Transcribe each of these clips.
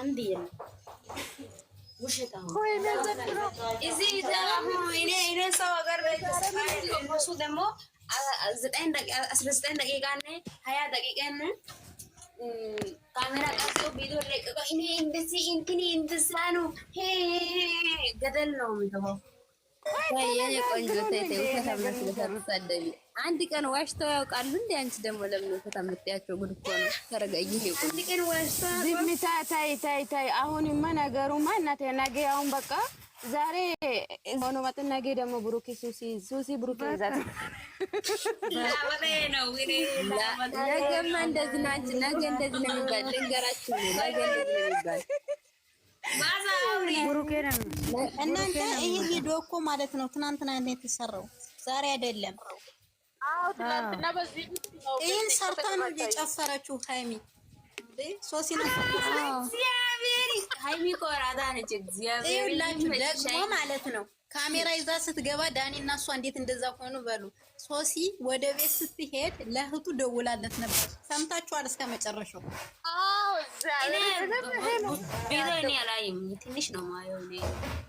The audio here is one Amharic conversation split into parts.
አንድ ደግሞ አስራዘጠኝ ደቂቃ ሀያ ደቂቃ ካሜራ ቀርጾ ቪዲዮ ነው፣ ገደል ነው አንድ ቀን ዋሽተው ያውቃሉ? እንደ አንቺ ደግሞ ለምን ፈታ ጉድ እኮ ነው። ተረጋጊ። አንድ ቀን ዋሽተው ዝምታ። ታይ ታይ ታይ። አሁንማ ነገሩማ እናቴ፣ ነገ አሁን በቃ ዛሬ ሆኖ መጥ፣ ነገ ደግሞ ሱሲ፣ ሱሲ ብሩኬ ይዛት ነገማ እንደዚህ ነገ እንደዚህ ነው የሚባል ልንገራችሁ፣ ነገ እንደዚህ ነው የሚባል እናንተ። ይህ ቪዲዮ እኮ ማለት ነው ትናንትና የተሰራው፣ ዛሬ አይደለም። ይህን ሰርታ ነው እየጨፈረችው ሀይሚ ማለት ነው ካሜራ ይዛ ስትገባ ዳኒ እና እሷ እንዴት እንደዛ ሆኑ በሉ። ሶሲ ወደ ቤት ስትሄድ ለእህቱ ደውላለት ነበር። ሰምታችኋል እስከ መጨረሻው። አዎ እዛ ነው። እኔ አላይም፣ ትንሽ ነው ማየው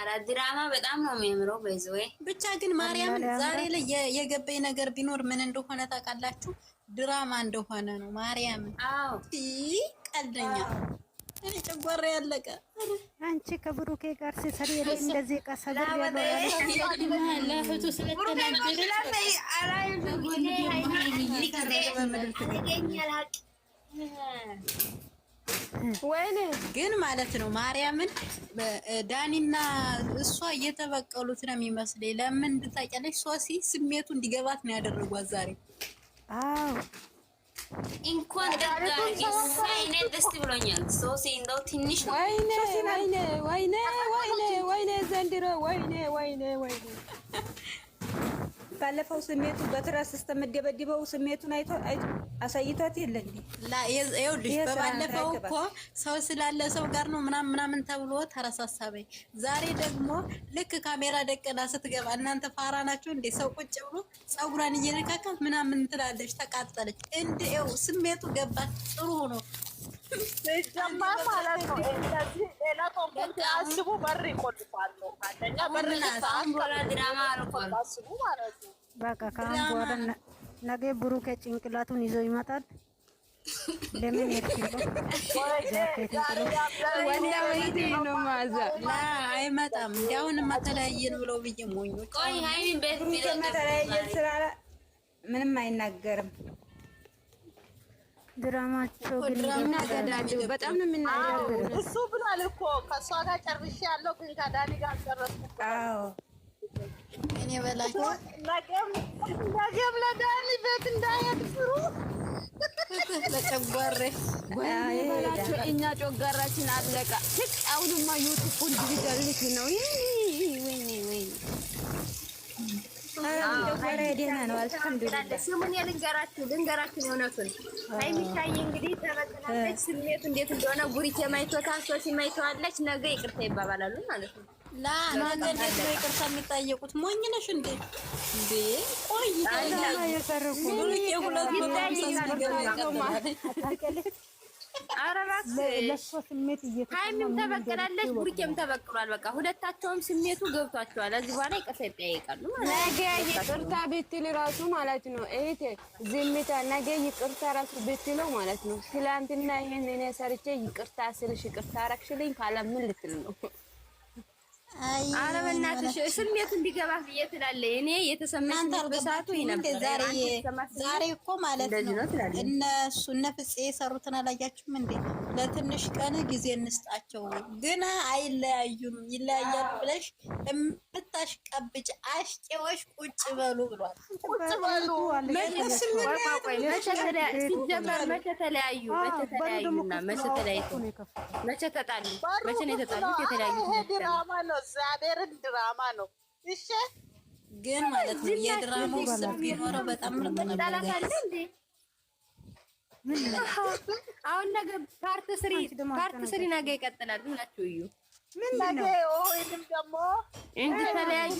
አራት ድራማ በጣም ነው የሚያምረው። በዚሁ ብቻ ግን ማርያም ዛሬ ላይ የገበይ ነገር ቢኖር ምን እንደሆነ ታውቃላችሁ? ድራማ እንደሆነ ነው። ማርያም ቀልደኛ እኔ ጨጓራ ያለቀ አንቺ ከብሩኬ ጋር ሲሰሪ እንደዚህ ቀሰደር ግን ማለት ነው ማርያምን ዳኒና እሷ እየተበቀሉት ነው የሚመስለኝ። ለምን እንድታቀለች ሶሲ ስሜቱ እንዲገባት ነው ያደረጓት ዛሬ። አዎ እንኳን እኔ ደስ ብሎኛል። ሶሲ እንደው ትንሽ ነው። ወይኔ ወይኔ ወይኔ ወይኔ ወይኔ ዘንድሮ ወይኔ ወይኔ ወይኔ ባለፈው ስሜቱ በትራስ ስትመደበድበው ስሜቱን አይቶ አሳይቷት የለ እንዴ? ይኸውልሽ በባለፈው እኮ ሰው ስላለ ሰው ጋር ነው ምናምን ምናምን ተብሎ ተረሳሳበኝ። ዛሬ ደግሞ ልክ ካሜራ ደቀና ስትገባ እናንተ ፋራ ናቸው እንዴ? ሰው ቁጭ ብሎ ፀጉሯን እየነካካት ምናምን ትላለች፣ ተቃጠለች። እንደ ይኸው ስሜቱ ገባ ጥሩ ሆኖ ማ ነው። እንደዚህ ሌላ ኮምፖርት አስቡ። በር ይቆልፋሉ። አንደኛ በር ሰዓት ድራማ አልኳል አስቡ ማለት ነው በቃ ከአሁን በኋላ ነገ ብሩኬ ጭንቅላቱን ይዞ ይመጣል። ለምን አይመጣም? ምንም አይናገርም። ድራማቸው በጣም ነው የምናገረው። እሱ ብሏል እኮ ከእሷ ጋር ጨርሼ ያለው ግን ከዳኒ ጋር አልጨረስኩም። እኔ በላችሁ ነገም ለዳኒ ቤት እንዳይሄድ ፍሩ። ለጨጓሬ በላችሁ። እኛ ጮጋራችን አለቃ ልክ አሁንማ ዩቱብ ዲጂታል ነው። ወይኔ ወይኔ ስሙን ልንገራችሁ ልንገራችሁ እውነቱን አይሚሻዬ እንግዲህ ተበጥናለች። ስሜቱ እንዴት እንደሆነ ጉሪቴ ማይቶታል፣ ሶሲ ማይተዋለች። ነገ ይቅርታ ይባባላሉ ማለት ነው ይቅርታ የሚጠየቁት ሞኝ ነሽ እንዴ? ቆይ ሀይሚም ተበቅላለች፣ ቡርኬም ተበቅሏል። በቃ ሁለታቸውም ስሜቱ ገብቷቸዋል። እዚህ በኋላ ይቅርታ ይጠያይቃሉ። ነገ ይቅርታ ብትል ራሱ ማለት ነው እህቴ ዝምታ። ነገ ይቅርታ ራሱ ብትለው ማለት ነው ትላንትና ይህን እኔ ሰርቼ ይቅርታ ስልሽ ይቅርታ አረግሽልኝ ካለ ምን ልትል ነው? ኧረ በእናትሽ ስሜቱ እንዲገባህ ብዬ ትላለህ። እኔ የተሰማሽ በሰዓቱ ዛሬ እኮ ማለት ነው እነሱ እነ ፍፄ የሰሩትን አላያችሁም እንዴ? ለትንሽ ቀን ጊዜ እንስጣቸው፣ ግን አይለያዩም። ይለያያሉ ብለሽ የምታሽቀብጭ አሽቄዎች ቁጭ በሉ ብሏል። መቼ ተለያዩ? መቼ ተለያዩ? መቼ ተጣሉ? መቼ ነው የተጣሉት? የተለያዩ ነው። እግዚአብሔርን ድራማ ነው። እሺ ግን ማለት ነው የድራማው ስም ቢኖረው በጣም ምርጥ ነበር። አሁን ነገ ፓርት ስሪ ፓርት ስሪ ነገ ይቀጥላል ብላችሁ እዩ። ምን ነገ ወይንም ደግሞ እንድትለያይ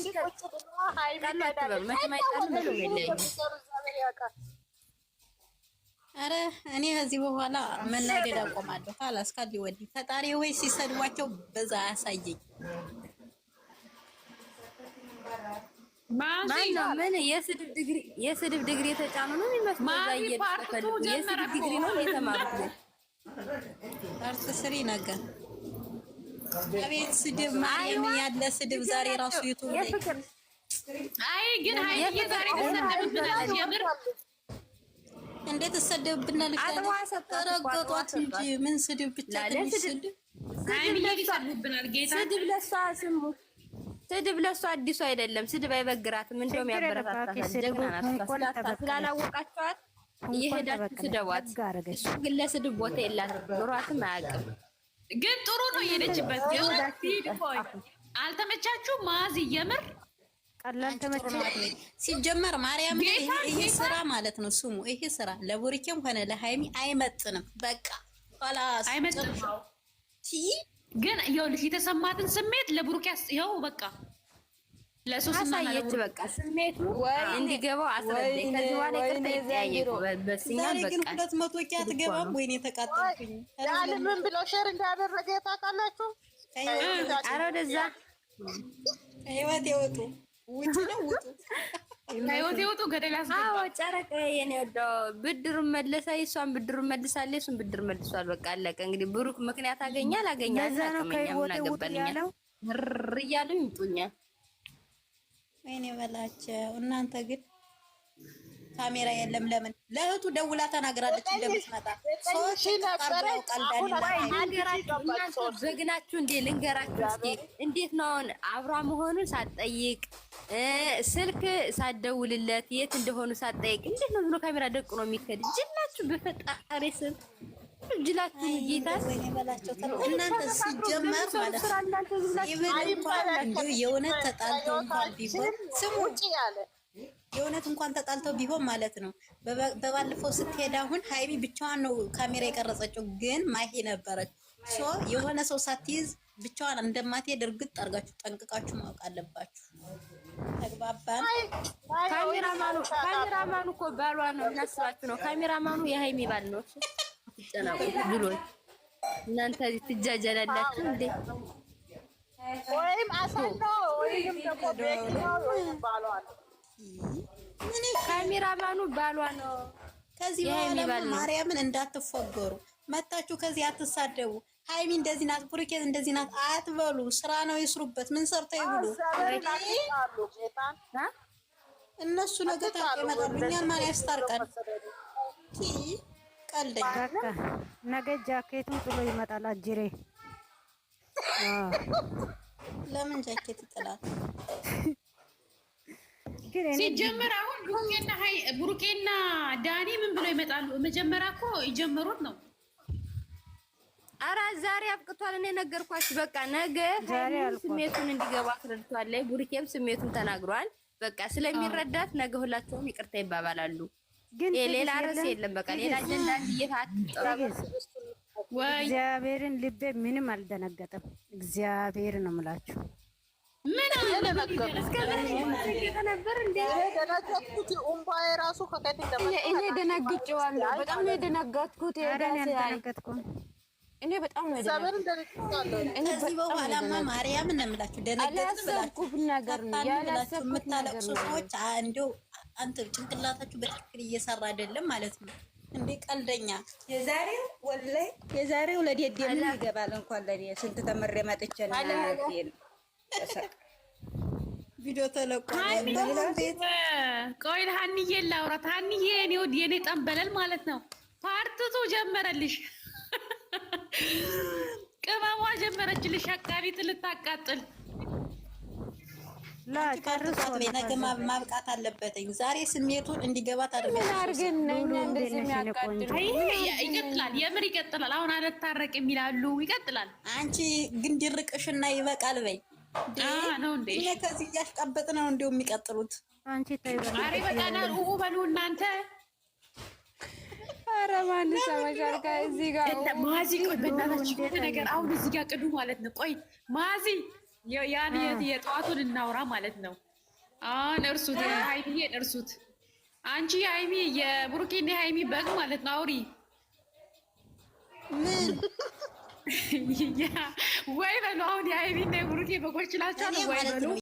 አረ እኔ ከዚህ በኋላ መናደድ አቆማለሁ። ካላስ ካሊ ወዲህ ፈጣሪ ወይ ሲሰድቧቸው በዛ አያሳየኝ። ምን የስድብ ዲግሪ የተጫኑ ነው የሚመስለው? የስድብ ዲግሪ ነው የተማሩት። ፓርት ስሪ ነገር አቤት ስድብ! ማርያምን ያለ ስድብ ዛሬ ራሱ ዩቱብ ላይ አይ ግን ሀይዬ ዛሬ ተሰደብብናል። የምር እንዴ ተሰደብብናል። ተረገጧት እንጂ ምን ስድብ ብቻ ትንሽ ስድብ ስድብ ለሷ ስሙ ስድብ ለእሱ አዲሱ አይደለም። ስድብ አይበግራትም። እንደውም ያበረታታል። ስላላወቃቸዋት እየሄዳችሁ ስደቧት። እሱ ግን ለስድብ ቦታ የላትም፣ ኑሯትም አያውቅም። ግን ጥሩ ነው የሄደችበት። አልተመቻችሁ ማዝ እየምር ሲጀመር ማርያም ይሄ ስራ ማለት ነው ስሙ። ይሄ ስራ ለቡሪኬም ሆነ ለሀይሚ አይመጥንም። በቃ ላስ አይመጥንም ግን ይኸውልሽ የተሰማትን ስሜት ለብሩክ ያስ ይኸው በቃ ለሶስት በቃ ስሜቱ እንዲገባው አስረዳኝ። ከዚህ በኋላ በቃ ወይኔ ተቃጠልኩኝ። ምን ብሎ ሼር እንዳደረገ ታውቃላችሁ? ኧረ ወደዛ ህይወት ይወጡ ውጭ ነው ውጡ፣ ከህይወቴ ውጡ፣ ገደል ያስገባ። ጨረቃዬ የኔ ወደው ብድሩን መለሰ፣ እሷን ብድሩን መልሳለች፣ እሱን ብድር መልሷል። በቃ አለቀ። እንግዲህ ብሩክ ምክንያት አገኛል አገኛል ምናገበንኛል ምር እያሉ ይምጡኛል። ወይኔ በላቸው እናንተ ግን ካሜራ የለም። ለምን ለእህቱ ደውላ ተናግራለች እንደምትመጣ ሰዎች እንዴ ልንገራችሁ። እንዴት ነው አሁን አብሯ መሆኑን ሳትጠይቅ ስልክ ሳደውልለት የት እንደሆኑ ሳጠየቅ እንዴት ነው ብሎ ካሜራ ደቅ ነው የሚከድ። ጅላችሁ በፈጣሪ ስም ጅላችሁ ጌታስ እናንተ ሲጀመር ማለት ነው የእውነት ተጣልተው እንኳን ቢሆን ስሙ የእውነት እንኳን ተጣልተው ቢሆን ማለት ነው። በባለፈው ስትሄድ አሁን ሀይሚ ብቻዋን ነው ካሜራ የቀረጸችው፣ ግን ማሄ ነበረች። የሆነ ሰው ሳትይዝ ብቻዋን እንደማትሄድ እርግጥ አድርጋችሁ ጠንቅቃችሁ ማወቅ አለባችሁ። ተግባባን። ካሜራማኑ እኮ ባሏ ነው። እናስባችሁ ነው። ካሜራማኑ የሀይሚ ባል ነው። ትጨናቁ ብሎች እናንተ ትጃጀላላችሁ እንዴ? ወይም አሳንዶ ካሜራማኑ ባሏ ነው። ከዚህ በኋላ ማርያምን እንዳትፎገሩ መታችሁ። ከዚህ አትሳደቡ። ሀይሚ እንደዚህ ናት፣ ብሩኬ እንደዚህ ናት አትበሉ። ስራ ነው ይስሩበት። ምን ሰርተው ይብሉ? እነሱ ነገ ታውቀው ይመጣሉ። እኛን ማን ያስታርቃል? ቀልደኛ ነገ ጃኬቱን ጥሎ ይመጣል። አጅሬ ለምን ጃኬት ይጥላል? ሲጀመር አሁን ብሩኬና ዳኒ ምን ብለው ይመጣሉ? መጀመሪያ እኮ ይጀምሩት ነው ኧረ ዛሬ አብቅቷል። እኔ ነገርኳችሁ። በቃ ነገ ስሜቱን እንዲገባ አስረድቷለሁ። ቡሪኬም ስሜቱን ተናግሯል። በቃ ስለሚረዳት ነገ ሁላቸውም ይቅርታ ይባባላሉ። ሌላ ርዕስ የለም። በቃ ሌላ አጀንዳ እግዚአብሔርን ልቤ ምንም አልደነገጠም። እግዚአብሔር ነው የምላችሁ። ምንም እኔ ደነግጬዋለሁ። በጣም ነው የደነገጥኩት። እኔ በጣም ነው ደነገጥኩ። እኔ ከዚህ በኋላማ ማርያም ነው የምላችሁ ደነገጥኩ ብላችሁ ብናገር ነው ያላሰብኩ የምታለቅሱ ሰዎች እንደው አንተ ጭንቅላታችሁ በትክክል እየሰራ አይደለም ማለት ነው። እንዴ ቀልደኛ የዛሬው ወላይ የዛሬው ለዴዴ ምን ይገባል እንኳን ለኔ ስንት ተምሬ መጥቼ ነው ቪዲዮ ተለቆ። ቆይ ሀኒዬ ላውራት። ሀኒዬ የኔ ጠንበለል ማለት ነው ፓርትቱ ጀመረልሽ ቅመሟ ጀመረችልሽ። አቃቢ ልታቃጥል ነገ ማብቃት አለበትኝ። ዛሬ ስሜቱን እንዲገባ ይቀጥላል። የምር ይቀጥላል። አሁን አልታረቅ የሚላሉ ይቀጥላል። አንቺ ግን ድርቅሽና ይበቃል በይ። ከዚህ ነው እንዲሁ የሚቀጥሉት። አንቺ በሉ እናንተ ማዚ ቆይ በእናታችሁ ነገር አሁን እዚህ ጋር ቅዱ ማለት ነው። ቆይ ማዚ ያን የጠዋቱን እናውራ ማለት ነው። አሁን እርሱት ሀይሚዬን እርሱት። አንቺ የሀይሚ የብሩኬን የሀይሚ በግ ማለት ነው። አውሪ ወይ በሉ አሁን የሀይሚና የብሩኬ በጎች ናቸው ወይ በሉ